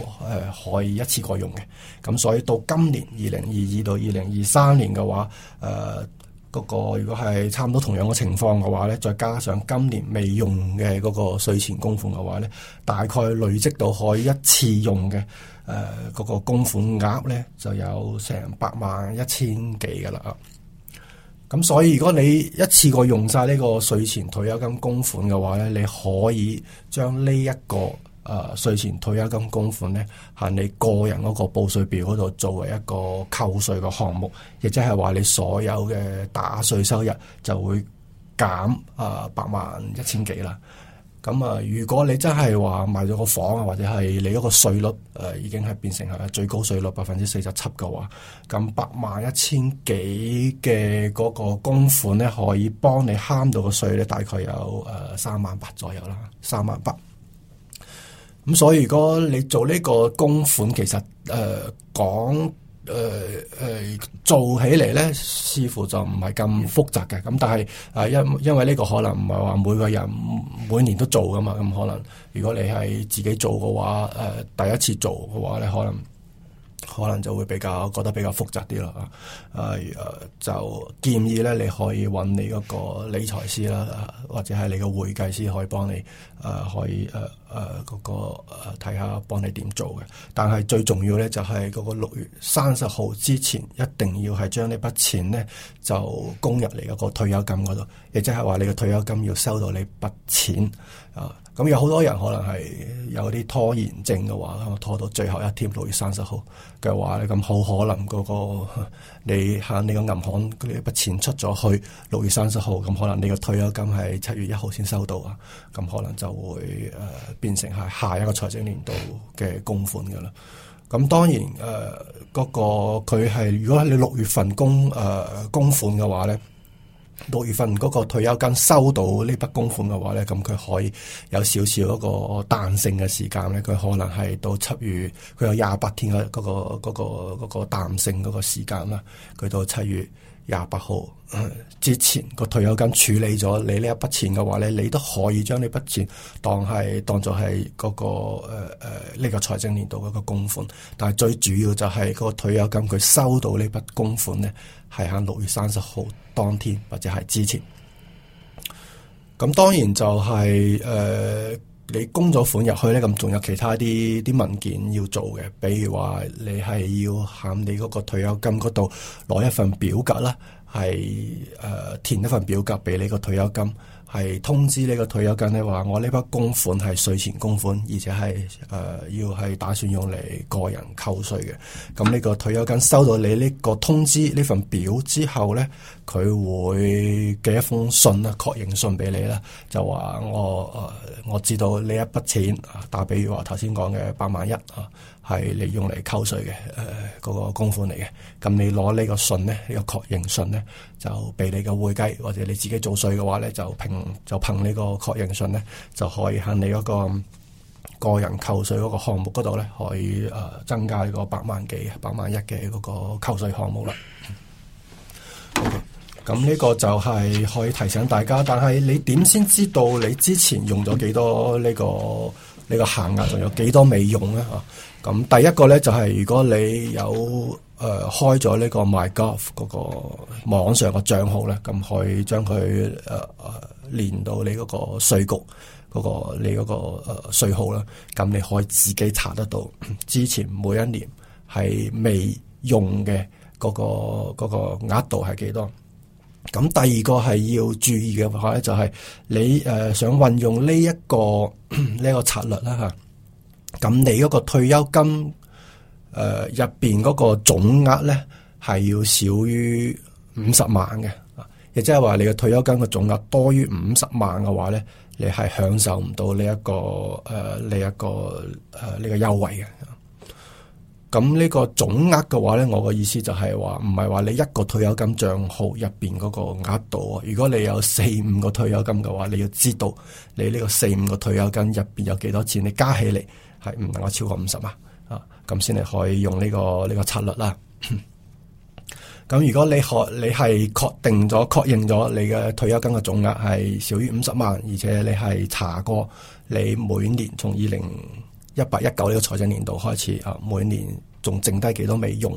誒可以一次過用嘅。咁所以到今年二零二二到二零二三年嘅話，誒、呃、嗰、那個如果係差唔多同樣嘅情況嘅話咧，再加上今年未用嘅嗰個稅前供款嘅話咧，大概累積到可以一次用嘅誒嗰個供款額咧就有成百萬一千幾嘅啦咁所以如果你一次過用晒呢個稅前退休金供款嘅話呢，你可以將呢、這、一個誒稅、呃、前退休金供款呢，喺你個人嗰個報稅表嗰度作為一個扣稅嘅項目，亦即係話你所有嘅打稅收入就會減啊、呃、百萬一千幾啦。咁啊、嗯，如果你真係話買咗個房啊，或者係你嗰個稅率誒、呃，已經係變成係最高稅率百分之四十七嘅話，咁百萬一千幾嘅嗰個公款咧，可以幫你慳到個稅咧，大概有誒、呃、三萬八左右啦，三萬八。咁、嗯、所以如果你做呢個公款，其實誒講。呃講誒誒、呃呃，做起嚟咧，似乎就唔係咁複雜嘅。咁、嗯、但係，誒、呃、因因為呢個可能唔係話每個人每年都做噶嘛。咁、嗯、可能如果你係自己做嘅話，誒、呃、第一次做嘅話咧，可能。可能就會比較覺得比較複雜啲咯吓，誒、啊、就建議咧，你可以揾你嗰個理財師啦、啊，或者係你嘅會計師可以幫你，誒、啊、可以誒誒個誒睇下幫你點做嘅。但係最重要咧就係嗰個六月三十號之前，一定要係將呢筆錢咧就供入嚟嗰個退休金嗰度，亦即係話你嘅退休金要收到你筆錢啊。咁有好多人可能係有啲拖延症嘅話，拖到最後一天六月三十號嘅話咧，咁好可能嗰、那個你喺你個銀行嗰啲筆錢出咗去六月三十號，咁可能你個退休金係七月一號先收到啊，咁可能就會誒、呃、變成係下一個財政年度嘅供款㗎喇。咁當然誒嗰、呃那個佢係如果你六月份供誒、呃、供款嘅話咧。六月份嗰個退休金收到呢筆供款嘅話咧，咁佢可以有少少嗰個彈性嘅時間咧，佢可能係到七月，佢有廿八天嘅嗰個嗰個嗰個彈性嗰個時間啦。佢到七月廿八號之前，個退休金處理咗你呢一筆錢嘅話咧，你都可以將呢筆錢當係當做係嗰個誒誒呢個財政年度嗰個供款。但係最主要就係個退休金佢收到呢筆供款咧。係喺六月三十號當天或者係之前，咁當然就係、是、誒、呃，你供咗款入去咧，咁仲有其他啲啲文件要做嘅。比如話你係要喊你嗰個退休金嗰度攞一份表格啦，係誒、呃、填一份表格俾你個退休金。係通知呢個退休金咧，話我呢筆供款係稅前供款，而且係誒、呃、要係打算用嚟個人扣稅嘅。咁、嗯、呢、這個退休金收到你呢個通知呢份表之後咧，佢會寄一封信啊確認信俾你啦，就話我誒、呃、我知道呢一筆錢啊，打比如話頭先講嘅八萬一啊。係你用嚟扣稅嘅，誒、呃，嗰、那個供款嚟嘅。咁你攞呢個信呢，呢、這個確認信呢，就俾你個會計或者你自己做稅嘅話呢，就憑就憑呢個確認信呢，就可以喺你嗰個個人扣稅嗰個項目嗰度呢，可以誒、呃、增加呢個百萬幾、百萬一嘅嗰個扣稅項目啦。O K，咁呢個就係可以提醒大家。但係你點先知道你之前用咗幾多呢、這個呢、這個限額，仲有幾多未用呢？吓？咁第一個咧就係、是、如果你有誒、呃、開咗呢個 myGov 嗰個網上嘅帳號咧，咁可以將佢誒誒連到你嗰個稅局、那個你嗰、那個誒稅、呃、號啦，咁你可以自己查得到之前每一年係未用嘅嗰、那個嗰、那個額、那個、度係幾多。咁第二個係要注意嘅話咧，就係、是、你誒想運用呢、這、一個呢、 這個策略啦吓。咁你嗰個退休金誒入邊嗰個總額咧係要少於五十萬嘅，亦即係話你嘅退休金嘅總額多於五十萬嘅話咧，你係享受唔到呢一個誒呢一個誒呢個優惠嘅。咁呢個總額嘅話咧，我嘅意思就係話唔係話你一個退休金賬號入邊嗰個額度啊，如果你有四五個退休金嘅話，你要知道你呢個四五個退休金入邊有幾多錢，你加起嚟，係唔能夠超過五十萬啊，咁先至可以用呢、呢個呢、呢個策略啦。咁、 啊、如果你學你係確定咗確認咗你嘅退休金嘅總額係少於五十萬，而且你係查過你每年從二零一八一九呢個財政年度開始啊，每年仲剩低幾多未用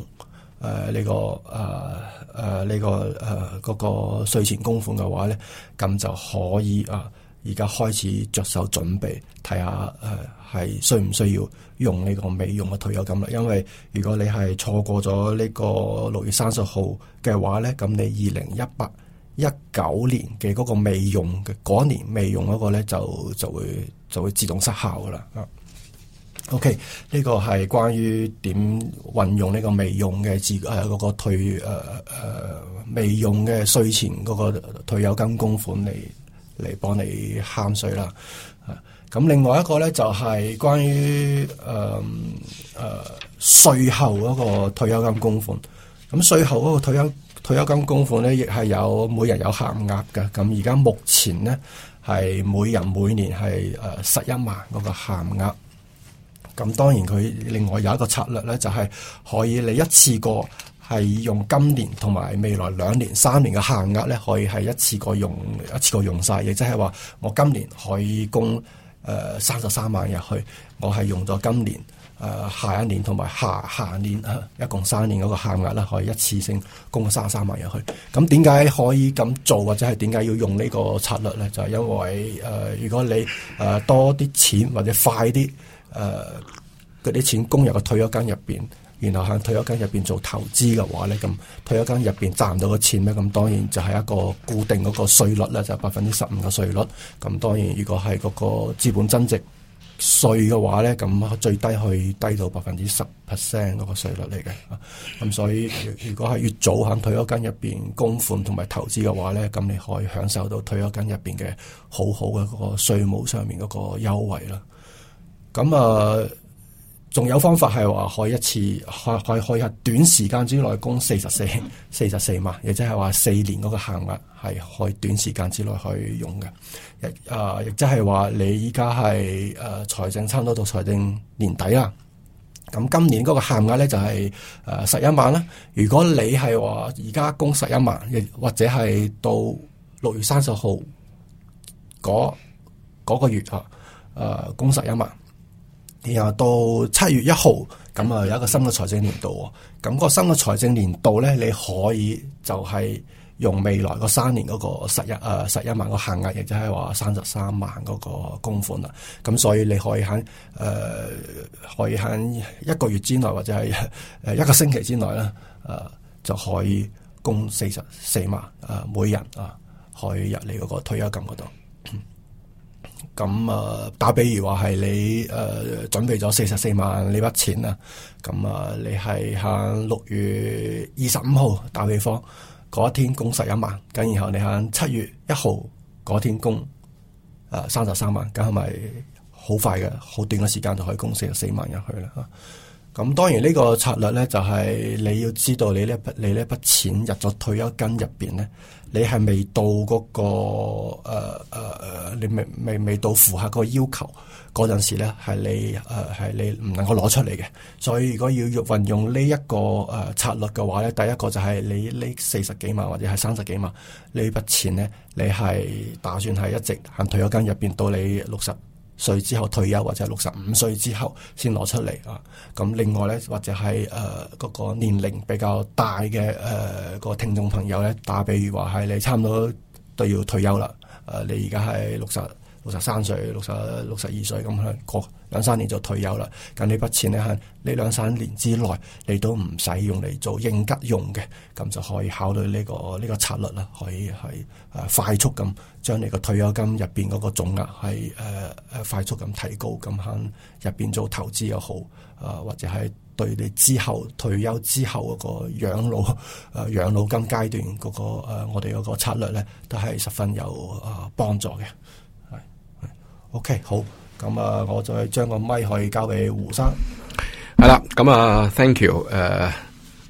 誒呢個誒誒呢個誒嗰個稅前供款嘅話咧，咁就可以啊。而家開始着手準備，睇下誒係、呃、需唔需要用呢個未用嘅退休金啦。因為如果你係錯過咗呢個六月三十號嘅話咧，咁你二零一八一九年嘅嗰個未用嘅嗰年未用嗰個咧，就就會就會自動失效噶啦。啊，OK，呢個係關於點運用呢個未用嘅自誒嗰個退誒誒未用嘅稅前嗰個退休金供款嚟。嚟幫你慳稅啦，咁、啊、另外一個咧就係、是、關於誒誒稅後嗰個退休金供款，咁、啊、稅後嗰個退休退休金供款咧，亦係有每人有限額嘅，咁而家目前呢，係每人每年係誒十一萬嗰個限額，咁、啊、當然佢另外有一個策略咧，就係、是、可以你一次過。係用今年同埋未來兩年、三年嘅限額，咧，可以係一次過用、一次過用晒。亦即係話我今年可以供誒三十三萬入去，我係用咗今年誒、呃、下一年同埋下下年、啊、一共三年嗰個限額，啦，可以一次性供三十三萬入去。咁點解可以咁做，或者係點解要用呢個策略咧？就係、是、因為誒、呃，如果你誒、呃、多啲錢或者快啲誒嗰啲錢供入個退休金入邊。然後喺退休金入邊做投資嘅話咧，咁退休金入邊賺到嘅錢咧，咁當然就係一個固定嗰個稅率咧，就係百分之十五嘅稅率。咁當然如果係嗰個資本增值稅嘅話咧，咁最低可以低到百分之十 percent 嗰個稅率嚟嘅。咁所以如果係越早喺退休金入邊供款同埋投資嘅話咧，咁你可以享受到退休金入邊嘅好好嘅嗰個稅務上面嗰個優惠啦。咁啊～仲有方法係話可以一次，可以可以喺短時間之內供四十四四十四萬，亦即係話四年嗰個限額係可以短時間之內去用嘅。亦即係話你依家係誒財政差唔多到財政年底啦。咁今年嗰個限額咧就係誒十一萬啦。如果你係話而家供十一萬，亦或者係到六月三十號嗰嗰個月啊，誒、呃、供十一萬。然後到七月一號，咁啊有一個新嘅財政年度，咁、那個新嘅財政年度咧，你可以就係用未來個三年嗰個十一誒十一萬個限額，亦即係話三十三萬嗰個供款啦。咁所以你可以喺誒、呃、可以喺一個月之內或者係誒一個星期之內咧，誒、呃、就可以供四十四萬誒、呃、每人啊，可以入你嗰個退休金嗰度。 咁啊、嗯，打比如話係你誒、呃，準備咗四十四萬呢筆錢啊，咁、嗯、啊、嗯，你係喺六月二十五號打比方，嗰天供十一萬，咁然後你喺七月一號嗰天供誒三十三萬，咁係咪好快嘅？好短嘅時間就可以供四十四萬入去啦。咁、啊嗯、當然呢個策略咧，就係、是、你要知道你呢一筆你呢筆錢入咗退休金入邊咧。你係未到嗰、那個誒誒、呃啊、你未未未到符合嗰個要求嗰陣時咧，係你誒係、呃、你唔能夠攞出嚟嘅。所以如果要運用呢一個誒策略嘅話咧，第一個就係你呢四十幾萬或者係三十幾萬呢筆錢咧，你係打算係一直行退休金入邊到你六十。歲之後退休或者六十五歲之後先攞出嚟啊！咁另外咧，或者係誒嗰個年齡比較大嘅誒個聽眾朋友咧，打比如話係你差唔多都要退休啦，誒你而家係六十。六十三歲、六十六十二歲咁樣，過兩三年就退休啦。咁呢筆錢咧，喺呢兩三年之內你都唔使用嚟做應急用嘅，咁就可以考慮呢個呢個策略啦。可以係誒快速咁將你個退休金入邊嗰個總額係誒誒快速咁提高，咁喺入邊做投資又好啊，或者係對你之後退休之後嗰個養老誒養老金階段嗰個誒我哋有個策略咧，都係十分有誒幫助嘅。OK，好，咁啊，我再將個咪可以交俾胡生。係啦，咁啊，thank you，誒、啊，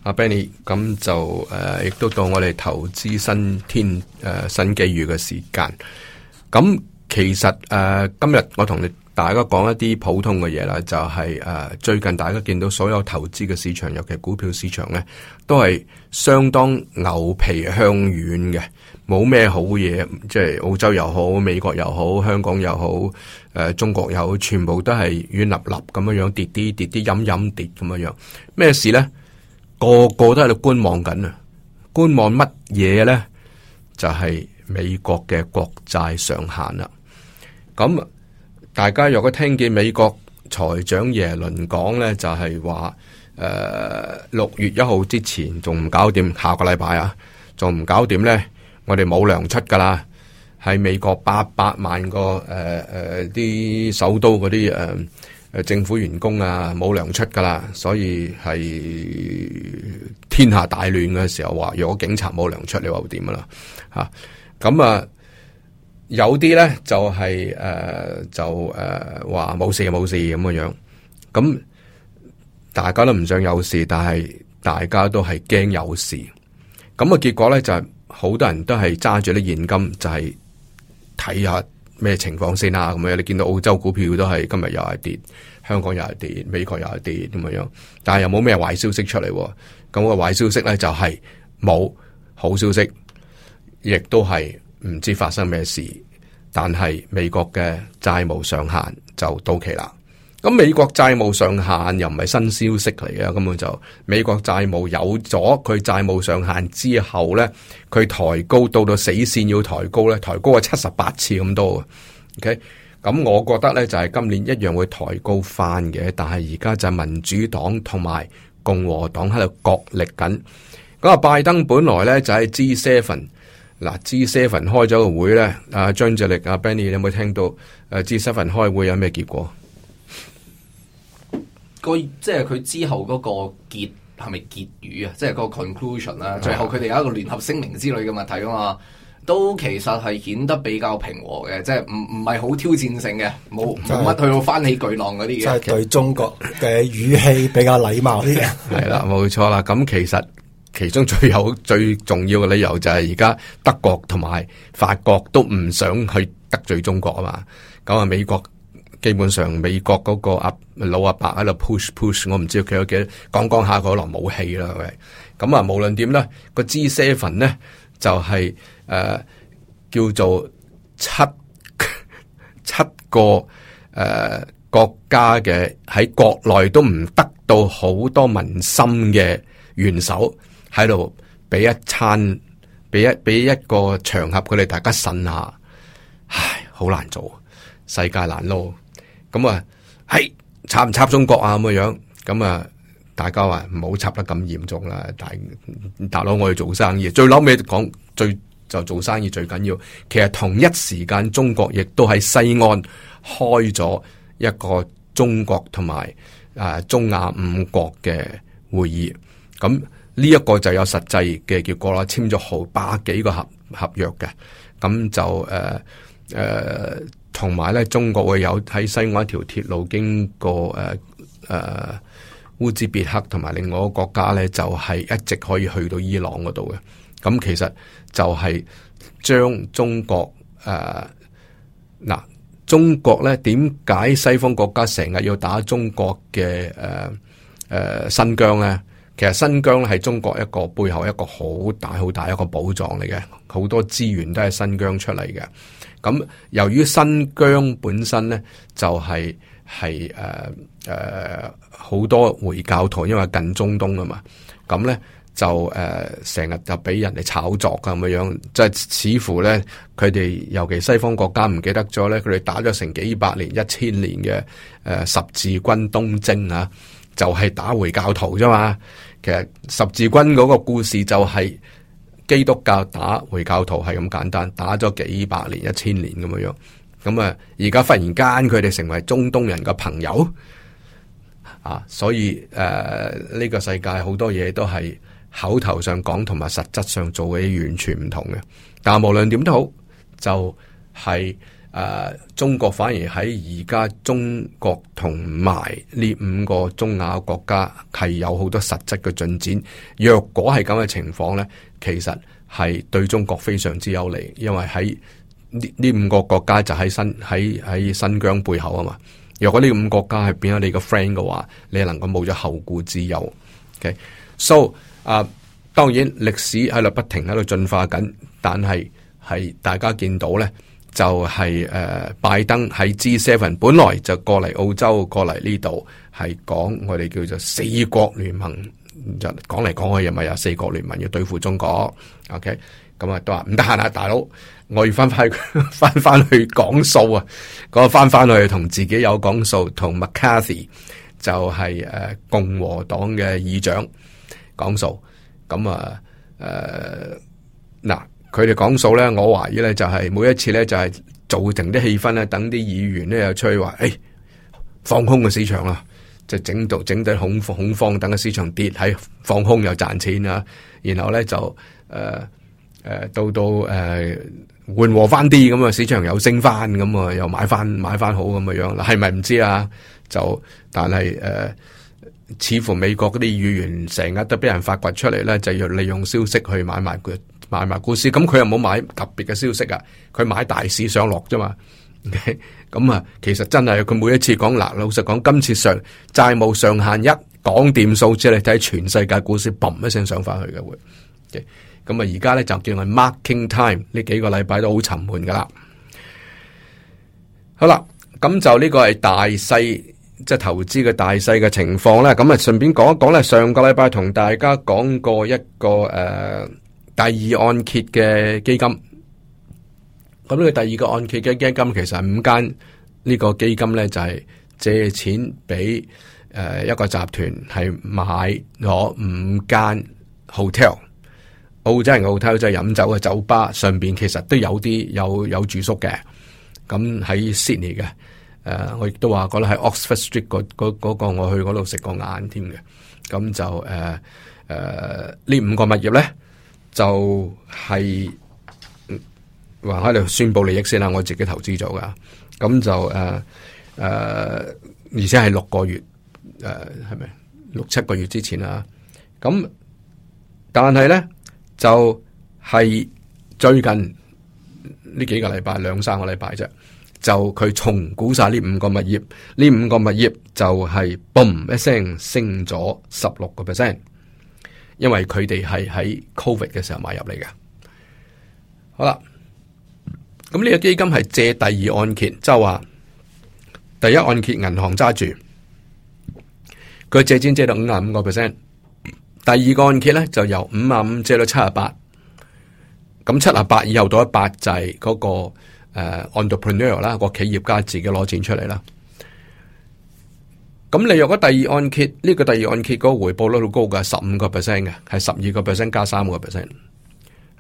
阿 Benny，咁就誒，亦、啊、都到我哋投資新天誒、啊、新機遇嘅時間。咁其實誒、啊，今日我同你大家講一啲普通嘅嘢啦，就係、是、誒、啊，最近大家見到所有投資嘅市場，尤其股票市場咧，都係相當牛皮香軟嘅。冇咩好嘢，即係澳洲又好，美國又好，香港又好，誒、呃，中國又好，全部都係軟立立咁樣樣跌啲跌啲，陰陰跌咁樣樣。咩事咧？個個都喺度觀望緊啊！觀望乜嘢咧？就係、是、美國嘅國債上限啦。咁大家若果聽見美國財長耶倫講咧，就係、是、話，誒、呃，六月一號之前仲唔搞掂？下個禮拜啊，仲唔搞掂咧？我哋冇糧出噶啦，喺美國八百萬個誒誒啲首都嗰啲誒誒政府員工啊，冇糧出噶啦，所以係天下大亂嘅時候話，若果警察冇糧出，你話會點啦？吓咁啊，有啲咧就係、是、誒、呃、就誒話冇事冇事咁嘅樣，咁大家都唔想有事，但係大家都係驚有事，咁、那、嘅、個、結果咧就係、是。好多人都係揸住啲現金，就係睇下咩情況先啦、啊。咁樣你見到澳洲股票都係今日又係跌，香港又係跌，美國又係跌咁樣。但係又冇咩壞消息出嚟。咁個壞消息咧就係冇好消息，亦都係唔知發生咩事。但係美國嘅債務上限就到期啦。咁美國債務上限又唔係新消息嚟嘅。根本就美國債務有咗佢債務上限之後咧，佢抬高到到死線要抬高咧，抬高啊七十八次咁多。OK，咁我覺得咧就係、是、今年一樣會抬高翻嘅，但係而家就係民主黨同埋共和黨喺度角力緊。嗰個拜登本來咧就係 G7 嗱，G7 開咗個會咧，阿張智力、阿、啊、Benny 你有冇聽到？誒、啊，G7 開會有咩結果？那個、即係佢之後嗰個結係咪結語啊？即係個 conclusion 啦的，最後佢哋有一個聯合聲明之類嘅問題啊嘛，都其實係顯得比較平和嘅，即係唔唔係好挑戰性嘅，冇冇乜去到翻起巨浪嗰啲嘢，即係、就是就是、對中國嘅語氣比較禮貌啲嘅，係 啦，冇錯啦。咁其實其中最有最重要嘅理由就係而家德國同埋法國都唔想去得罪中國啊嘛，咁啊美國。基本上美國嗰個阿老阿伯喺度 push push，我唔知佢有幾多講講下佢攞武器啦。咁啊，無論點啦，個 G7 咧就係、是、誒、呃、叫做七七個誒、呃、國家嘅喺國內都唔得到好多民心嘅元首喺度俾一餐，俾一俾一個場合，佢哋大家信下，唉，好難做，世界難撈。咁啊，係插唔插中國啊咁樣，樣？咁啊，大家話唔好插得咁嚴重啦。大大佬我要做生意，嗯、最諗尾講最，講最就做生意最緊要。其實同一時間，中國亦都喺西安開咗一個中國同埋誒中亞五國嘅會議。咁呢一個就有實際嘅結果啦，簽咗好百幾個合合約嘅。咁就誒誒。呃呃同埋咧，中國會有喺西岸一條鐵路經過誒誒烏茲別克同埋另外一個國家咧，就係、是、一直可以去到伊朗嗰度嘅。咁、嗯、其實就係將中國誒嗱、呃，中國咧點解西方國家成日要打中國嘅誒誒新疆咧？其實新疆係中國一個背後一個好大好大一個寶藏嚟嘅，好多資源都係新疆出嚟嘅。咁由於新疆本身咧就係係誒誒好多回教徒，因為近中東啊嘛，咁咧就誒成日就俾人哋炒作咁嘅樣，即係似乎咧佢哋尤其西方國家唔記得咗咧，佢哋打咗成幾百年、一千年嘅誒十字軍東征啊，就係打回教徒啫嘛。其實十字軍嗰個故事就係。基督教打回教徒係咁簡單，打咗幾百年、一千年咁樣，咁啊，而家忽然間佢哋成為中東人嘅朋友，啊，所以誒，呢個世界好多嘢都係口頭上講同埋實質上做嘅完全唔同嘅，但無論點都好，就係。誒，uh, 中國反而喺而家中國同埋呢五個中亞國家係有好多實質嘅進展。若果係咁嘅情況呢，其實係對中國非常之有利，因為喺呢呢五個國家就喺新喺喺新疆背後啊嘛。若果呢五個國家係變咗你個 friend 嘅話，你能夠冇咗後顧之憂。ok，so，okay？啊，uh，當然歷史喺度不停喺度進化緊，但係，係大家見到呢。就係、是、誒、呃，拜登喺 G Seven 本來就過嚟澳洲，過嚟呢度係講我哋叫做四國聯盟，就講嚟講去又咪有四國聯盟要對付中國，OK？咁、嗯、啊都話唔得閒啊，大佬，我要翻翻翻翻去講數啊，我翻翻去同自己有講數，同 McCarthy 就係、是、誒、呃、共和黨嘅議長講數，咁啊誒嗱。佢哋講數咧，我懷疑咧就係、是、每一次咧就係、是、造成啲氣氛咧，等啲議員咧又出去話，誒、哎、放空個市場啊，就整到整到恐慌恐慌，等個市場跌，喺放空又賺錢啊，然後咧就誒誒、呃呃、到、呃、到誒緩、呃、和翻啲咁啊，市場又升翻咁啊，又買翻買翻好咁嘅樣，係咪唔知啊？就但係誒、呃，似乎美國嗰啲議員成日都俾人發掘出嚟咧，就要利用消息去買買股，買埋股市，咁佢又冇買特別嘅消息啊，佢買大市上落啫嘛。咁、okay? 啊、嗯，其實真係佢每一次講嗱，老實講，今次上債務上限一講掂數字你睇全世界股市砰一聲上返去嘅會。咁、okay? 啊、嗯，而家咧就叫係 marking time 呢幾個禮拜都好沉悶噶啦。好啦，咁就個、就是、呢個係大勢，即係投資嘅大勢嘅情況咧。咁啊，順便講一講咧，上個禮拜同大家講過一個誒。呃第二按揭嘅基金，咁呢個第二個按揭嘅基金，其實五間呢個基金咧就係、是、借錢俾誒、呃、一個集團係買咗五間 hotel，澳洲人嘅 hotel 即係飲酒嘅酒吧上邊，其實都有啲有有住宿嘅。咁喺 Sydney 嘅誒、呃，我亦都話覺得喺 Oxford Street 嗰嗰、嗰個我去嗰度食過晏添嘅。咁就誒誒呢五個物業咧。就係還喺度宣佈利益先啦，我自己投資咗噶，咁就誒誒，而且係六個月誒，係、呃、咪六七個月之前啊？咁但係咧就係、是、最近呢幾個禮拜兩三個禮拜啫，就佢重估晒呢五個物業，呢五個物業就係嘣一聲升咗十六個 percent。因為佢哋係喺 Covid 嘅時候買入嚟嘅，好啦，咁呢個基金係借第二按揭，就係話第一按揭銀行揸住，佢借錢借到五廿五個 percent，第二個按揭咧就由五廿五借到七廿八，咁七廿八以後到一百就係、是、嗰個誒，entrepreneur 啦，個企業家自己攞錢出嚟啦。咁你若果第二按揭呢，這個第二按揭個回報率好高㗎，十五個 percent 嘅，係十二個 percent 加三個 percent，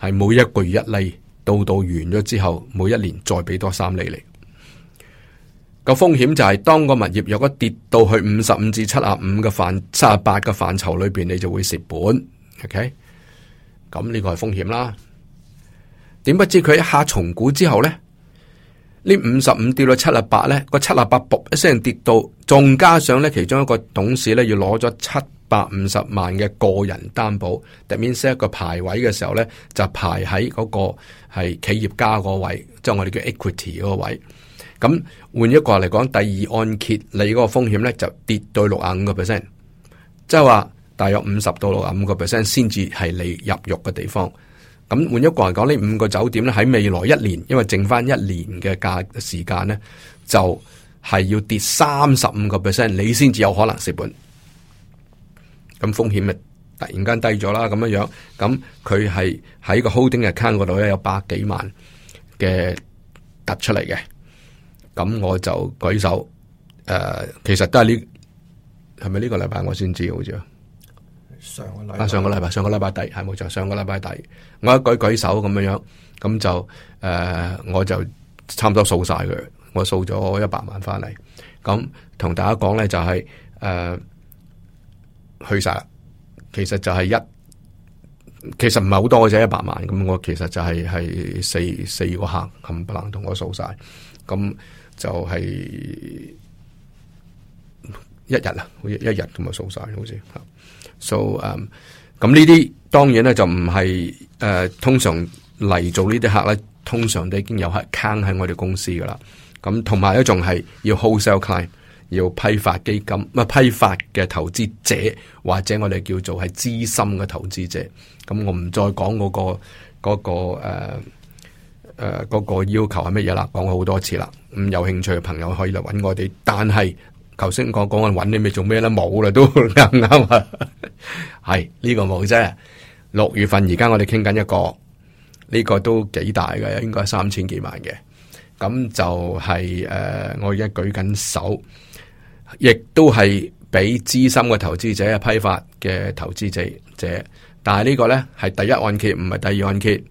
係每一個月一厘，到到完咗之後，每一年再畀多三厘你。個風險就係、是、當個物業若果跌到去五十五至七廿五十嘅範七十八嘅範疇裏邊，你就會蝕本。OK，咁呢個係風險啦。點不知佢一下重估之後呢，呢五十五跌到七十八呢，個七十八卜一聲跌到。仲加上咧，其中一個董事咧要攞咗七百五十萬嘅個人擔保，Dimenset 個排位嘅時候咧，就排喺嗰個係企業家個位，即係我哋叫 equity 嗰個位。咁換一個嚟講，第二按揭你嗰個風險咧就跌到六啊五個 percent，即係話大約五十到六啊五個 percent 先至係你入肉嘅地方。咁換一個嚟講，呢五個酒店咧喺未來一年，因為剩翻一年嘅價時間咧就。係要跌三十五個 percent，你先至有可能蝕本。咁風險咪突然間低咗啦？咁樣樣，咁佢係喺個 holding account 嗰度咧，有百幾萬嘅突出嚟嘅。咁我就舉手。誒、呃，其實都係呢，係咪呢個禮拜我先知？好似上個禮上個禮拜上個禮拜底係冇錯，上個禮拜底，我一舉舉手咁樣樣，咁就誒、呃，我就差唔多掃晒佢。我掃咗一百萬翻嚟，咁同大家講咧就係、是、誒、呃，去晒，其實就係一，其實唔係好多嘅啫，就是、一百萬。咁我其實就係、是、係四四個客，係不能同我掃晒。咁就係一日啦，好似一日同埋掃晒，好似吓掃誒。咁呢啲當然咧就唔係誒，通常嚟做呢啲客咧，通常都已經有客坑喺我哋公司噶啦。咁同埋仲係要 wholesale client，要批發基金，呃、批發嘅投資者或者我哋叫做係資深嘅投資者。咁、嗯、我唔再講嗰、嗰個、嗰個誒誒個要求係乜嘢啦，講好多次啦。咁有興趣嘅朋友可以嚟揾我哋，但係頭先講講我揾你咪做咩咧？冇啦都啱啱啊，係 呢、 呢個冇啫。六月份而家我哋傾緊一個呢、呢個都幾大嘅，應該係三千幾萬嘅。咁就係、是、誒、呃，我而家舉緊手，亦都係俾資深嘅投資者、批發嘅投資者借。但係呢個呢係第一按揭，唔係第二按揭。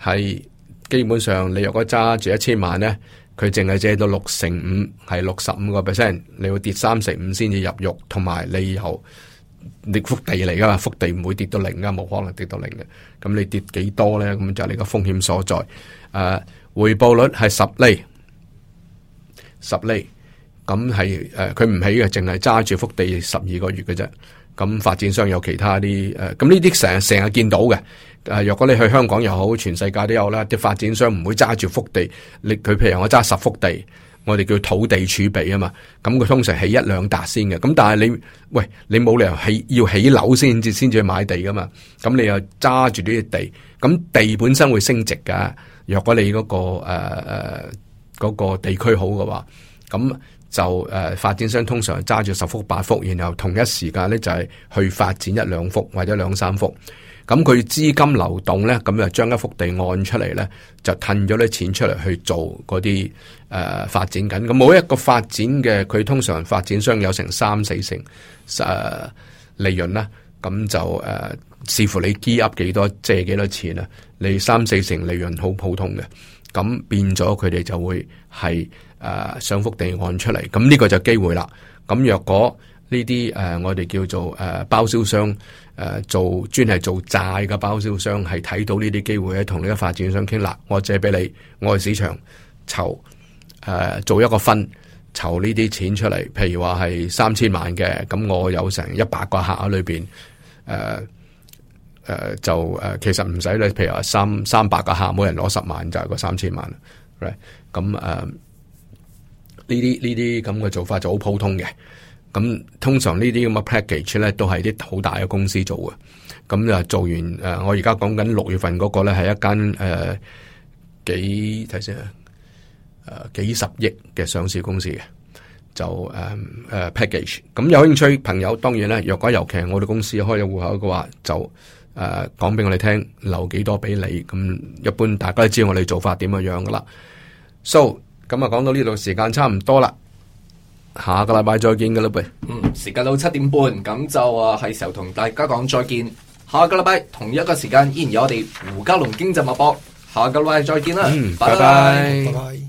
係基本上，你如果揸住一千萬呢，佢淨係借到六成五，係六十五個 percent，你要跌三成五先至入肉，同埋你以後你幅地嚟噶嘛？幅地唔會跌到零噶，冇可能跌到零嘅。咁你跌幾多呢？咁就係你個風險所在。誒、呃。回報率係十厘，十厘咁係誒，佢唔、呃、起嘅，淨係揸住幅地十二個月嘅啫。咁發展商有其他啲誒，咁呢啲成成日見到嘅。誒、呃，若果你去香港又好，全世界都有啦。啲發展商唔會揸住幅地，你佢譬如我揸十幅地，我哋叫土地儲備啊嘛。咁佢通常起一兩笪先嘅。咁但係你喂，你冇理由起要起樓先至先至去買地噶嘛？咁你又揸住呢啲地，咁地本身會升值噶、啊。若果你嗰、嗰個誒誒、呃嗰個地區好嘅話，咁就誒、呃、發展商通常揸住十幅八幅，然後同一時間咧就係、係、去發展一兩幅或者兩三幅。咁佢資金流動咧，咁就將一幅地按出嚟，咧，就褪咗啲錢出嚟去做嗰啲誒發展緊。咁每一個發展嘅佢通常發展商有成三四成誒、呃、利潤啦，咁就誒。呃視乎你積壓幾多借幾多錢啊？你三四成利潤好普通嘅，咁變咗佢哋就會係誒上幅地按出嚟，咁呢個就機會啦。咁若果呢啲誒我哋叫做誒、呃、包銷商誒做專係做債嘅包銷商，係、呃、睇到呢啲機會咧，同呢個發展商傾啦，我借俾你，我去市場籌誒、呃、做一個 fund，籌呢啲錢出嚟，譬如話係三千萬嘅，咁我有成一百個客喺裏邊誒。呃誒、呃，就誒、呃，其實唔使咧。譬如話三三百個客，每人攞十萬，就係個三千萬。咁誒，呢啲呢啲咁嘅做法就好普通嘅。咁、嗯、通常呢啲咁嘅 package 咧，都係啲好大嘅公司做嘅。咁、嗯、就、嗯、做完誒、呃，我而家講緊六月份嗰個咧，係一間誒、呃、幾睇先啊，誒、呃、幾十億嘅上市公司嘅，就誒誒 package。咁、嗯呃 pack 嗯、有興趣朋友，當然咧，若果尤其係我哋公司開咗戶口嘅話，就。誒，講俾、呃、我哋聽，留幾多俾你？咁一般，大家都知道我哋做法點樣樣噶啦。So，咁啊，講到呢度時間差唔多啦，下個禮拜再見噶啦，噃、呃。嗯，時間到七點半，咁就啊係時候同大家講再見。下個禮拜同一個時間，依然有我哋胡嘉龍經濟脈搏。下個禮拜再見啦，拜拜。